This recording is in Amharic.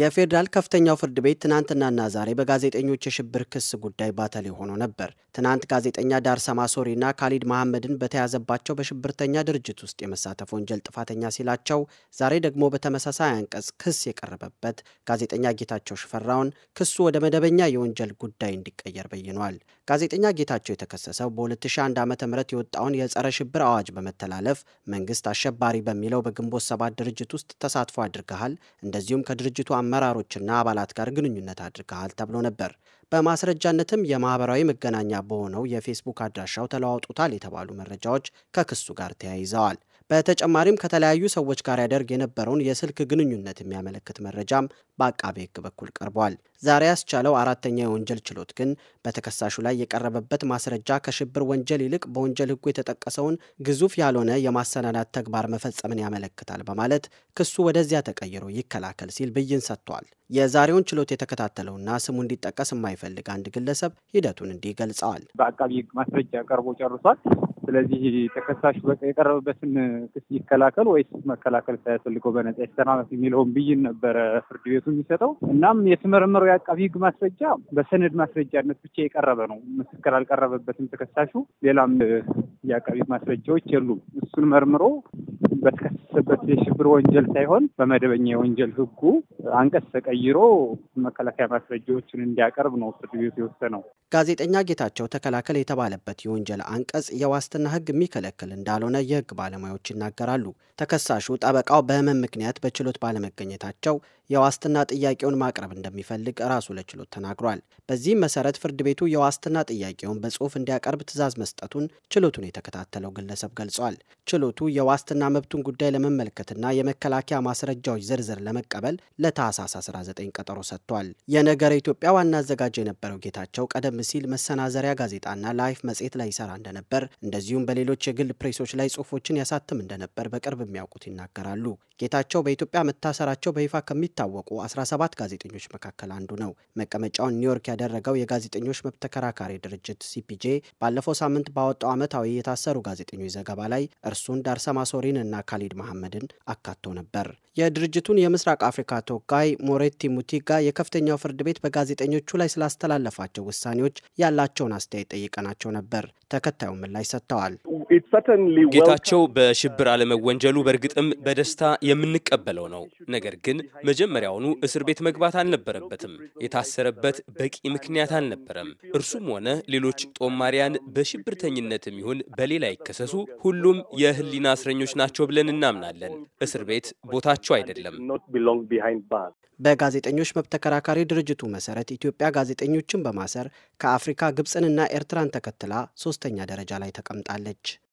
የፌዴራል ከፍተኛው ፍርድ ቤት ትናንትናና ዛሬ በጋዜጠኞች የሽብር ክስ ጉዳይ ባተሌ ሆኖ ነበር። ትናንት ጋዜጠኛ ዳርሰማ ሶሪና ካሊድ መሐመድን በተያዘባቸው በሽብርተኛ ድርጅት ውስጥ የመሳተፍ ወንጀል ጥፋተኛ ሲላቸው፣ ዛሬ ደግሞ በተመሳሳይ አንቀጽ ክስ የቀረበበት ጋዜጠኛ ጌታቸው ሽፈራውን ክሱ ወደ መደበኛ የወንጀል ጉዳይ እንዲቀየር በይኗል። ጋዜጠኛ ጌታቸው የተከሰሰው በ2001 ዓ ም የወጣውን የጸረ ሽብር አዋጅ በመተላለፍ መንግስት አሸባሪ በሚለው በግንቦት ሰባት ድርጅት ውስጥ ተሳትፎ አድርገሃል እንደዚሁም ከድርጅቱ አመራሮችና አባላት ጋር ግንኙነት አድርገሃል ተብሎ ነበር። በማስረጃነትም የማህበራዊ መገናኛ በሆነው የፌስቡክ አድራሻው ተለዋውጡታል የተባሉ መረጃዎች ከክሱ ጋር ተያይዘዋል። በተጨማሪም ከተለያዩ ሰዎች ጋር ያደርግ የነበረውን የስልክ ግንኙነት የሚያመለክት መረጃም በአቃቤ ሕግ በኩል ቀርቧል። ዛሬ ያስቻለው አራተኛ የወንጀል ችሎት ግን በተከሳሹ ላይ የቀረበበት ማስረጃ ከሽብር ወንጀል ይልቅ በወንጀል ሕጉ የተጠቀሰውን ግዙፍ ያልሆነ የማሰናዳት ተግባር መፈጸምን ያመለክታል በማለት ክሱ ወደዚያ ተቀይሮ ይከላከል ሲል ብይን ሰጥቷል። የዛሬውን ችሎት የተከታተለውና ስሙ እንዲጠቀስ የማይፈልግ አንድ ግለሰብ ሂደቱን እንዲህ ገልጸዋል። በአቃቢ ሕግ ማስረጃ ቀርቦ ጨርሷል። ስለዚህ ተከሳሹ የቀረበበትን ክስ ይከላከል ወይስ መከላከል ሳያስፈልገው በነጻ ይሰናበት የሚለውን ብይን ነበረ ፍርድ ቤቱ የሚሰጠው። እናም የተመረመረው የአቃቢ ህግ ማስረጃ በሰነድ ማስረጃነት ብቻ የቀረበ ነው። ምስክር አልቀረበበትም ተከሳሹ። ሌላም የአቃቤ ማስረጃዎች የሉም። እሱን መርምሮ በተከሰሰበት የሽብር ወንጀል ሳይሆን በመደበኛ የወንጀል ሕጉ አንቀጽ ተቀይሮ መከላከያ ማስረጃዎችን እንዲያቀርብ ነው ፍርድ ቤቱ የወሰነው። ጋዜጠኛ ጌታቸው ተከላከል የተባለበት የወንጀል አንቀጽ የዋስትና ሕግ የሚከለክል እንዳልሆነ የሕግ ባለሙያዎች ይናገራሉ። ተከሳሹ ጠበቃው በህመም ምክንያት በችሎት ባለመገኘታቸው የዋስትና ጥያቄውን ማቅረብ እንደሚፈልግ ራሱ ለችሎት ተናግሯል። በዚህም መሰረት ፍርድ ቤቱ የዋስትና ጥያቄውን በጽሑፍ እንዲያቀርብ ትዕዛዝ መስጠቱን ችሎቱን የተከታተለው ግለሰብ ገልጿል። ችሎቱ የዋስትና መብቱን ጉዳይ ለመመልከትና የመከላከያ ማስረጃዎች ዝርዝር ለመቀበል ለታህሳስ 19 ቀጠሮ ሰጥቷል። የነገረ ኢትዮጵያ ዋና አዘጋጅ የነበረው ጌታቸው ቀደም ቀደም ሲል መሰናዘሪያ ጋዜጣና ላይፍ መጽሔት ላይ ይሰራ እንደነበር እንደዚሁም በሌሎች የግል ፕሬሶች ላይ ጽሁፎችን ያሳትም እንደነበር በቅርብ የሚያውቁት ይናገራሉ። ጌታቸው በኢትዮጵያ መታሰራቸው በይፋ ከሚታወቁ 17 ጋዜጠኞች መካከል አንዱ ነው። መቀመጫውን ኒውዮርክ ያደረገው የጋዜጠኞች መብት ተከራካሪ ድርጅት ሲፒጄ ባለፈው ሳምንት ባወጣው ዓመታዊ የታሰሩ ጋዜጠኞች ዘገባ ላይ እርሱን ዳርሰማ ሶሪን እና ካሊድ መሐመድን አካቶ ነበር። የድርጅቱን የምስራቅ አፍሪካ ተወካይ ሞሬቲ ሙቲጋ የከፍተኛው ፍርድ ቤት በጋዜጠኞቹ ላይ ስላስተላለፋቸው ውሳኔዎች ተቃዋሚዎች ያላቸውን አስተያየት ጠይቀናቸው ነበር። ተከታዩን ምላሽ ሰጥተዋል። ጌታቸው በሽብር uh, አለመወንጀሉ በእርግጥም በደስታ የምንቀበለው ነው። ነገር ግን መጀመሪያውኑ እስር ቤት መግባት አልነበረበትም። የታሰረበት በቂ ምክንያት አልነበረም። እርሱም ሆነ ሌሎች ጦማሪያን በሽብርተኝነትም ይሁን በሌላ ይከሰሱ፣ ሁሉም የህሊና እስረኞች ናቸው ብለን እናምናለን። እስር ቤት ቦታቸው አይደለም። በጋዜጠኞች መብት ተከራካሪ ድርጅቱ መሰረት ኢትዮጵያ ጋዜጠኞችን በማሰር ከአፍሪካ ግብፅንና ኤርትራን ተከትላ ሶስተኛ ደረጃ ላይ ተቀምጣለች።